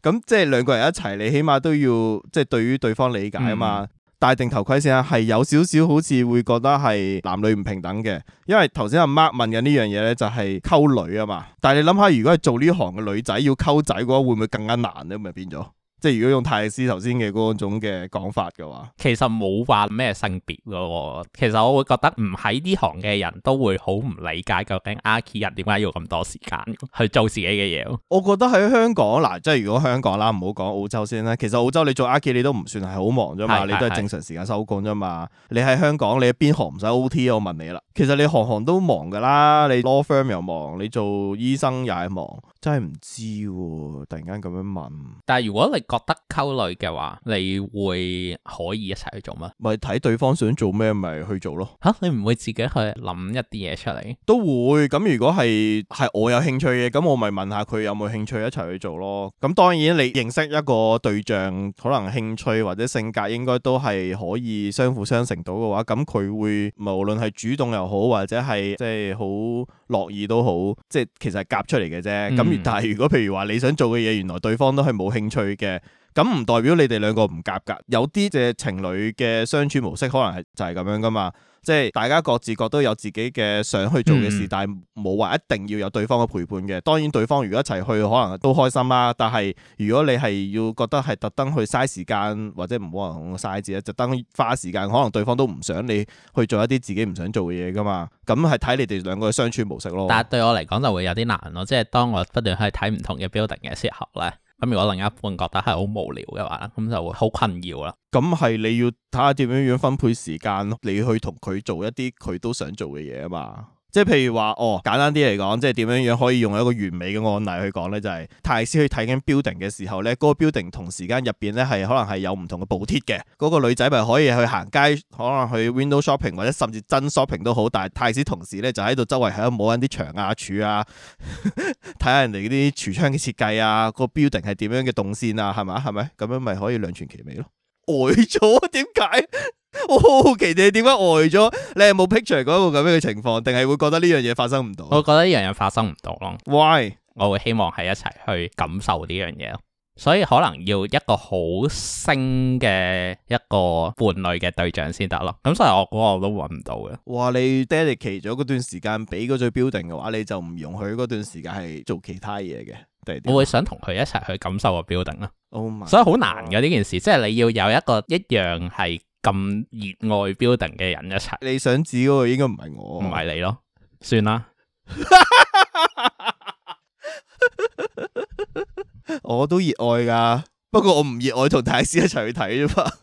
咁即係兩個人一齊，你起碼都要即係對於對方理解啊嘛。嗯戴定頭盔先啊，係有少少好似會覺得係男女唔平等嘅，因為頭先阿 Mark 問緊呢樣嘢咧就係溝女啊嘛，但係你諗下，如果係做呢行嘅女仔要溝仔嘅話，會唔會更加難咧？咁就變咗。即係如果用泰斯頭先嘅嗰種嘅講法嘅話，其實冇話咩性別㗎喎。其實我會覺得唔喺呢行嘅人都會好唔理解究竟 Archi 人點解要咁多時間去做自己嘅嘢 我覺得喺香港嗱，即係如果香港啦，唔好講澳洲先啦。其實澳洲你做 Archi 你都唔算係好忙啫嘛，你都係正常時間收工啫嘛。你喺香港，你邊行唔使 O T 啊？我問你啦。其實你行行都忙噶啦，你 law firm 又忙，你做醫生又係忙。真係唔知喎、啊，突然間咁樣問。但係如果你覺得溝女嘅話，你會可以一齊去做嗎？咪睇對方想做咩，咪去做咯。吓、啊，你唔會自己去諗一啲嘢，出嚟？都會。咁如果係係我有興趣嘅，咁我咪問下佢有冇興趣一齊去做咯。咁當然，你認識一個對象，可能興趣或者性格應該都係可以相輔相成到嘅話，咁佢會無論係主動又好，或者係即係好。樂意都好，即係其實係夾出嚟嘅啫。咁、嗯、但係如果譬如話你想做嘅嘢，原來對方都係冇興趣嘅，咁唔代表你哋兩個唔夾㗎。有啲即係情侶嘅相處模式，可能係就係咁樣㗎嘛。即係大家各自各都有自己嘅想去做嘅事，嗯、但係冇話一定要有對方嘅陪伴嘅。當然對方如果一齊去，可能都開心啦。但係如果你係要覺得係特登去嘥時間，或者唔好話咁嘥錢，就特登花時間，可能對方都唔想你去做一啲自己唔想做嘅嘢噶嘛。咁係睇你哋兩個嘅相處模式咯。但係對我嚟講就會有啲難咯，即係當我不斷去睇唔同嘅 building 嘅時候咧。咁如果另一半覺得係好無聊嘅話，咁就會好困擾啦。咁係你要睇下點樣樣分配時間，你去同佢做一啲佢都想做嘅嘢啊嘛。即係譬如話，哦，簡單啲嚟講，即係點樣樣可以用一個完美嘅案例去講呢？就係、是、泰斯去睇緊 building 嘅時候呢嗰、那個 building 同時間入邊呢，係可能係有唔同嘅補貼嘅，嗰、那個女仔咪可以去行街，可能去 window shopping 或者甚至真 shopping 都好，但係泰斯同時呢，就喺度周圍喺度摸緊啲牆啊、柱啊，睇 下人哋嗰啲櫥窗嘅設計啊，嗰個 building 係點樣嘅動線啊，係咪？係咪咁樣咪可以兩全其美咯？呆咗點解？好奇、哦、你點解呆咗？你係冇 picture 嗰個咁樣嘅情況？定係會覺得呢樣嘢發生唔到？我覺得呢樣嘢發生唔到咯。Why？我會希望係一齊去感受呢樣嘢咯。所以可能要一個好星嘅一個伴侶嘅對象先得咯。咁所以我我我都揾唔到嘅。哇！你 dedicate 咗嗰段時間俾嗰個 building 嘅話，你就唔容許嗰段時間係做其他嘢嘅。我會想同佢一齊去感受個 building 啦。Oh my God！所以好難嘅呢件事，即係你要有一個一樣係。咁熱愛 building 嘅人一齊，你想指嗰個應該唔係我，唔係你咯，算啦。 我都熱愛噶，不過我唔熱愛同大師一齊去睇啫嘛。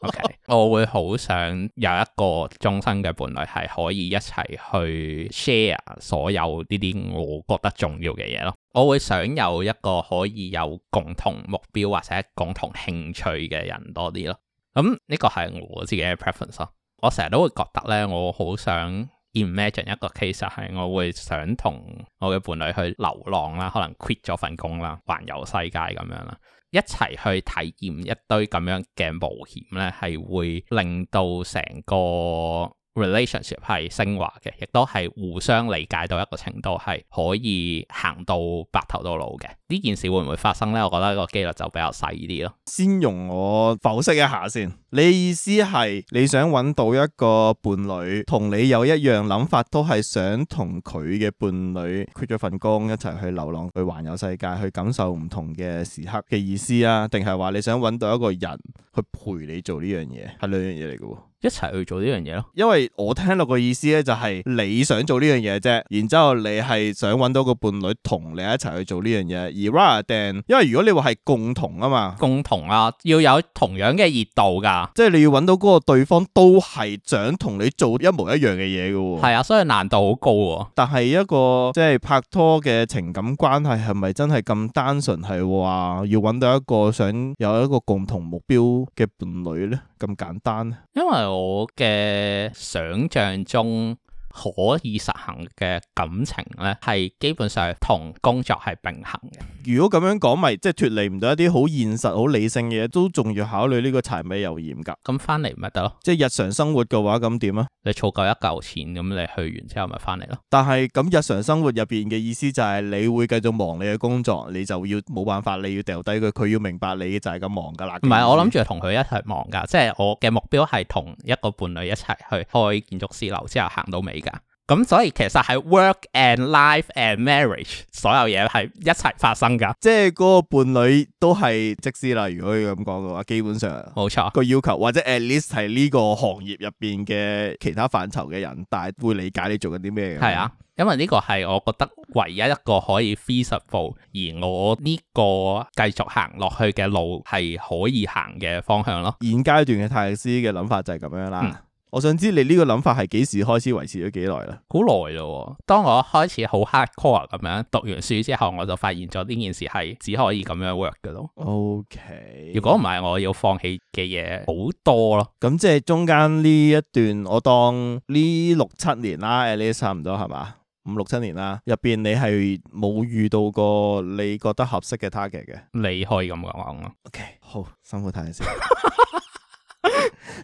OK，我會好想有一個終身嘅伴侶，係可以一齊去 share 所有呢啲我覺得重要嘅嘢咯。我會想有一個可以有共同目標或者共同興趣嘅人多啲咯。咁呢個係我自己嘅 preference 咯，我成日都會覺得咧，我好想 imagine 一個 case 係，係，我會想同我嘅伴侶去流浪啦，可能 quit 咗份工啦，環遊世界咁樣啦，一齊去體驗一堆咁樣嘅冒險咧，係會令到成個。relationship 係昇華嘅，亦都係互相理解到一個程度，係可以行到白頭到老嘅。呢件事會唔會發生呢？我覺得個機率就比較細啲咯。先容我剖析一下先。你意思係你想揾到一個伴侶，同你有一樣諗法，都係想同佢嘅伴侶缺咗份工一齊去流浪，去環遊世界，去感受唔同嘅時刻嘅意思啊？定係話你想揾到一個人去陪你做呢樣嘢，係兩樣嘢嚟嘅喎。一齊去做呢樣嘢咯，因為我聽落個意思咧，就係你想做呢樣嘢啫，然之後你係想揾到個伴侶同你一齊去做呢樣嘢。而 rather than，因為如果你話係共同啊嘛，共同啊，要有同樣嘅熱度㗎。即係你要揾到嗰個對方都係想同你做一模一樣嘅嘢㗎，係啊，所以難度好高喎。但係一個即係、就是、拍拖嘅情感關係，係咪真係咁單純？係話要揾到一個想有一個共同目標嘅伴侶呢，咁簡單咧？因為我嘅想象中，可以實行嘅感情呢，係基本上同工作係並行嘅。如果咁樣講，咪即係脫離唔到一啲好現實、好理性嘅嘢，都仲要考慮呢個柴米油鹽㗎。咁翻嚟咪得咯。即係日常生活嘅話，咁點啊？你儲夠一嚿錢，咁你去完之後咪翻嚟咯。但係咁日常生活入邊嘅意思就係你會繼續忙你嘅工作，你就要冇辦法，你要掉低佢，佢要明白你就係咁忙㗎啦。唔係不，乎我諗住同佢一齊忙㗎，即係我嘅目標係同一個伴侶一齊去開建築師樓之後行到尾。咁所以其實係 work and life and marriage，所有嘢係一齊發生噶，即係嗰個伴侶都係，即使啦，如果可以咁講嘅話，基本上冇錯個要求，或者 at least 係呢個行業入邊嘅其他範疇嘅人，但係會理解你做緊啲咩？係啊，因為呢個係我覺得唯一一個可以 feasible，而我呢個繼續行落去嘅路係可以行嘅方向咯。現階段嘅泰斯嘅諗法就係咁樣啦。嗯我想知你呢個諗法係幾時開始維持咗幾耐啦？好耐咯，當我開始好 hardcore 咁樣讀完書之後，我就發現咗呢件事係只可以咁樣 work 嘅咯。OK，如果唔係，我要放棄嘅嘢好多咯。咁即係中間呢一段，我當呢六七年啦，誒，你差唔多係嘛？五六七年啦，入邊你係冇遇到過你覺得合適嘅 target 嘅？你可以咁講啊。OK，好，辛苦睇你先。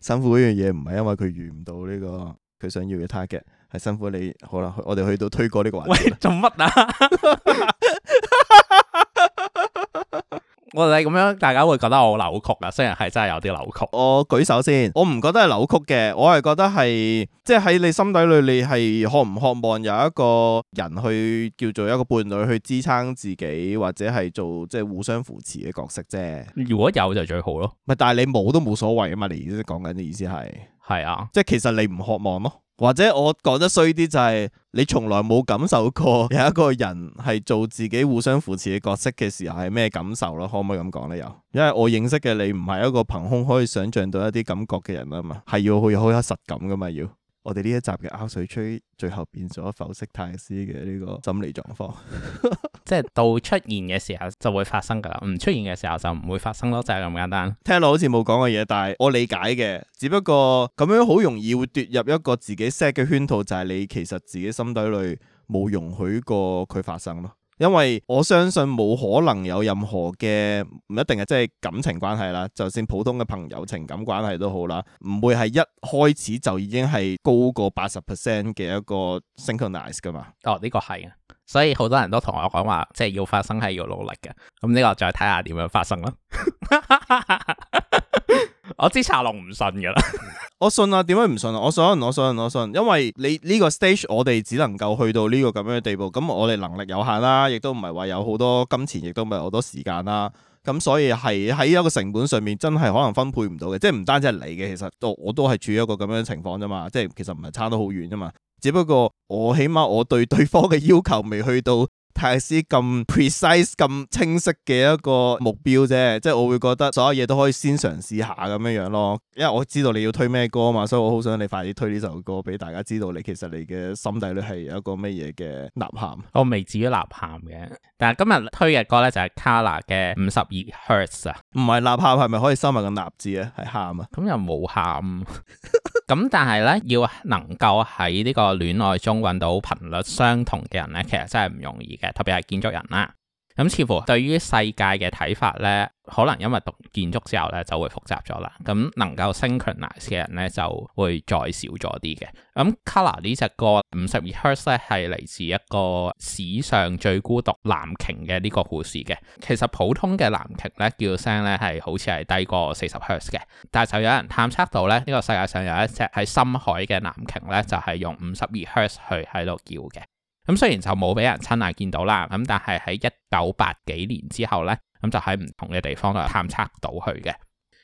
辛苦嗰樣嘢唔係因為佢遇唔到呢個佢想要嘅 target，係辛苦你好啦，我哋去到推過呢個環境，喂，做乜啊？ 我你咁樣，大家會覺得我扭曲啊？雖然係真係有啲扭曲。我舉手先，我唔覺得係扭曲嘅，我係覺得係，即係喺你心底裏，你係渴唔渴望有一個人去叫做一個伴侶去支撐自己，或者係做即係互相扶持嘅角色啫。如果有就最好咯。咪但係你冇都冇所謂啊嘛？你意思講緊嘅意思係，係啊，即係其實你唔渴望咯。或者我講得衰啲就係，你從來冇感受過有一個人係做自己互相扶持嘅角色嘅時候係咩感受咯？可唔可以咁講呢？又，因為我認識嘅你唔係一個憑空可以想象到一啲感覺嘅人啊嘛，係要去好有實感噶嘛要。我哋呢一集嘅 R 水吹，最後變咗否釋泰斯嘅呢個心理狀況。 即係到出現嘅時候就會發生噶啦唔出現嘅時候就唔會發生咯，就係咁簡單。聽落好似冇講過嘢，但係我理解嘅。只不過咁樣好容易會跌入一個自己 set 嘅圈套，就係你其實自己心底裏冇容許過佢發生咯。因為我相信冇可能有任何嘅唔一定係即係感情關係啦，就算普通嘅朋友情感關係都好啦，唔會係一開始就已經係高過八十 percent 嘅一個 synchronize 噶嘛。哦，呢個係啊。所以好多人都同我講話，即係要發生係要努力嘅。咁呢個再睇下點樣發生啦。 我知茶龍唔信噶啦，我信啊。點解唔信啊？我想，我想，我信，我信，我信。因為你呢個 stage，我哋只能夠去到呢個咁樣嘅地步。咁我哋能力有限啦，亦都唔係話有好多金錢，亦都唔係好多時間啦。咁所以係喺一個成本上面，真係可能分配唔到嘅。即係唔單止係你嘅，其實我我都係處於一個咁樣嘅情況啫嘛。即係其實唔係差得好遠啫嘛。只不過我起碼我對對方嘅要求未去到泰斯咁 precise 咁清晰嘅一個目標啫，即係我會覺得所有嘢，都可以先嘗試下咁樣樣咯。因為我知道你要推咩歌啊嘛，所以我好想你快啲推呢首歌俾大家知道，你其實你嘅心底裏係有一個乜嘢嘅吶喊。我未至於吶喊嘅，但係今日推嘅歌咧就係卡 a l a 嘅《五十二 Hertz》啊，唔係吶喊，係咪可以收埋個吶字啊？係喊啊？咁又冇喊。咁但係咧，要能夠喺呢個戀愛中揾到頻率相同嘅人咧，其實真係唔容易嘅，特別係建築人啦。咁似乎對於世界嘅睇法咧，可能因為讀建築之後咧就會複雜咗啦。咁能夠 synchronize 嘅人咧就會再少咗啲嘅。咁《KOLOR》呢隻歌52赫茲咧係嚟自一個史上最孤獨藍鯨嘅呢個故事嘅。其實普通嘅藍鯨咧叫聲咧係好似係低過40赫茲嘅，但係就有人探測到咧呢、這個世界上有一隻喺深海嘅藍鯨咧就係、是、用52赫茲去喺度叫嘅。咁雖然就冇俾人親眼見到啦，咁但係喺一九八幾年之後呢，咁就喺唔同嘅地方度探測到佢嘅。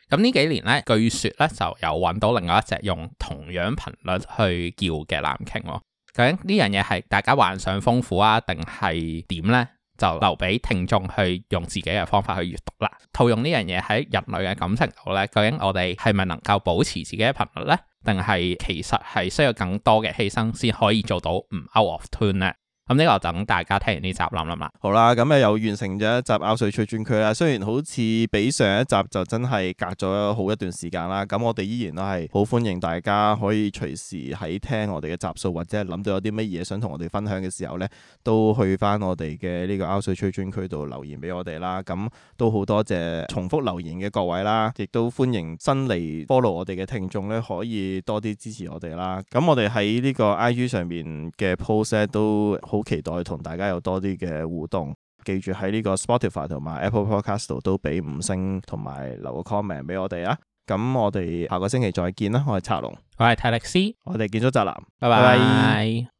咁呢幾年呢，據說呢，就有揾到另外一隻用同樣頻率去叫嘅藍鯨。究竟呢樣嘢係大家幻想豐富啊，定係點呢？就留俾聽眾去用自己嘅方法去閲讀啦。套用呢樣嘢喺人類嘅感情度呢，究竟我哋係咪能夠保持自己嘅頻率呢？定係其實，係需要更多嘅犧牲先可以做到唔 out of tune 咧。咁呢個就等大家聽完呢集諗諗啦，好啦，咁啊又完成咗一集《R 水吹專區》啦。雖然好似比上一集就真係隔咗好一段時間啦，咁我哋依然都係好歡迎大家可以隨時喺聽我哋嘅集數，或者諗到有啲乜嘢想同我哋分享嘅時候咧，都去翻我哋嘅呢個《R 水吹專區》度留言俾我哋啦。咁都好多謝重複留言嘅各位啦，亦都歡迎新嚟 follow 我哋嘅聽眾咧，可以多啲支持我哋啦。咁、嗯、我哋喺呢個 I G 上面嘅 post 咧都。好期待同大家有多啲嘅互動，記住喺呢個 Spotify 同埋 Apple Podcast 度都俾五星同埋留個 comment 俾我哋啊！咁我哋下個星期再見啦！我係策龍，我係泰力斯，我哋建築宅男，拜拜。